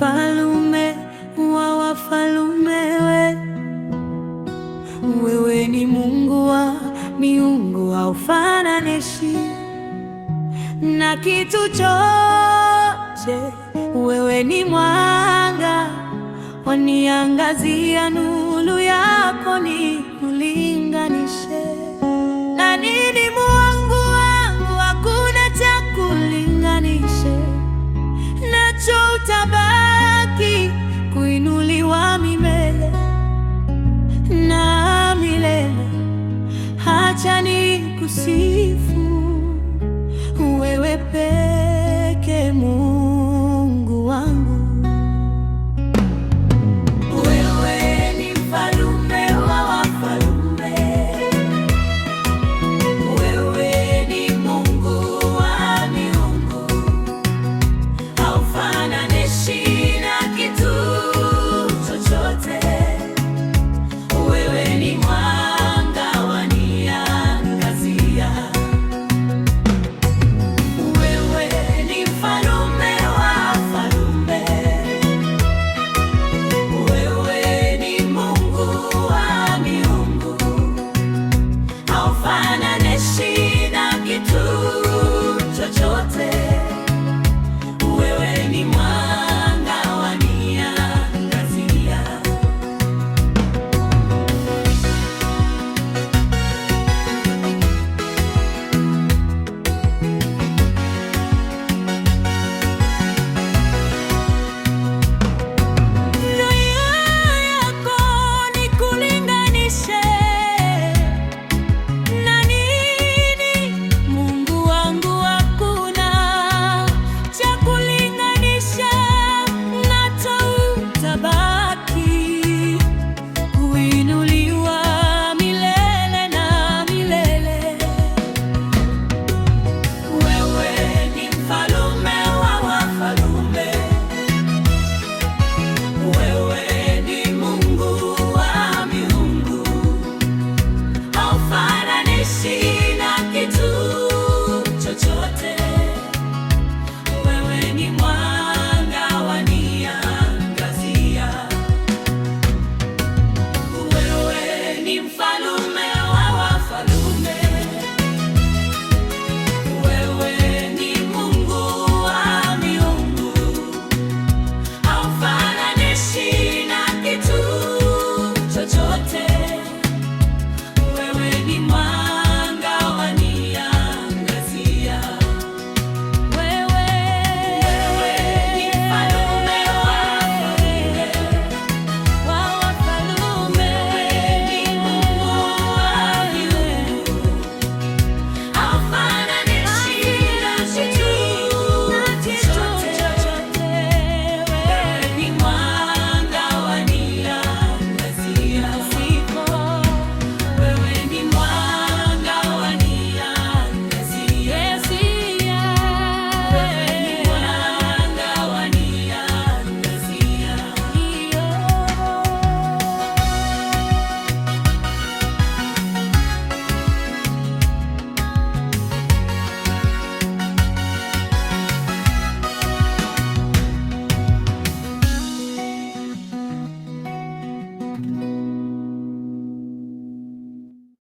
mfalume wa wafalume, we wewe ni Mungu wa miungu, haufananishi na kitu chote. Wewe ni mwanga waniangazia, nuru yako ni kulinganishe na nini see through.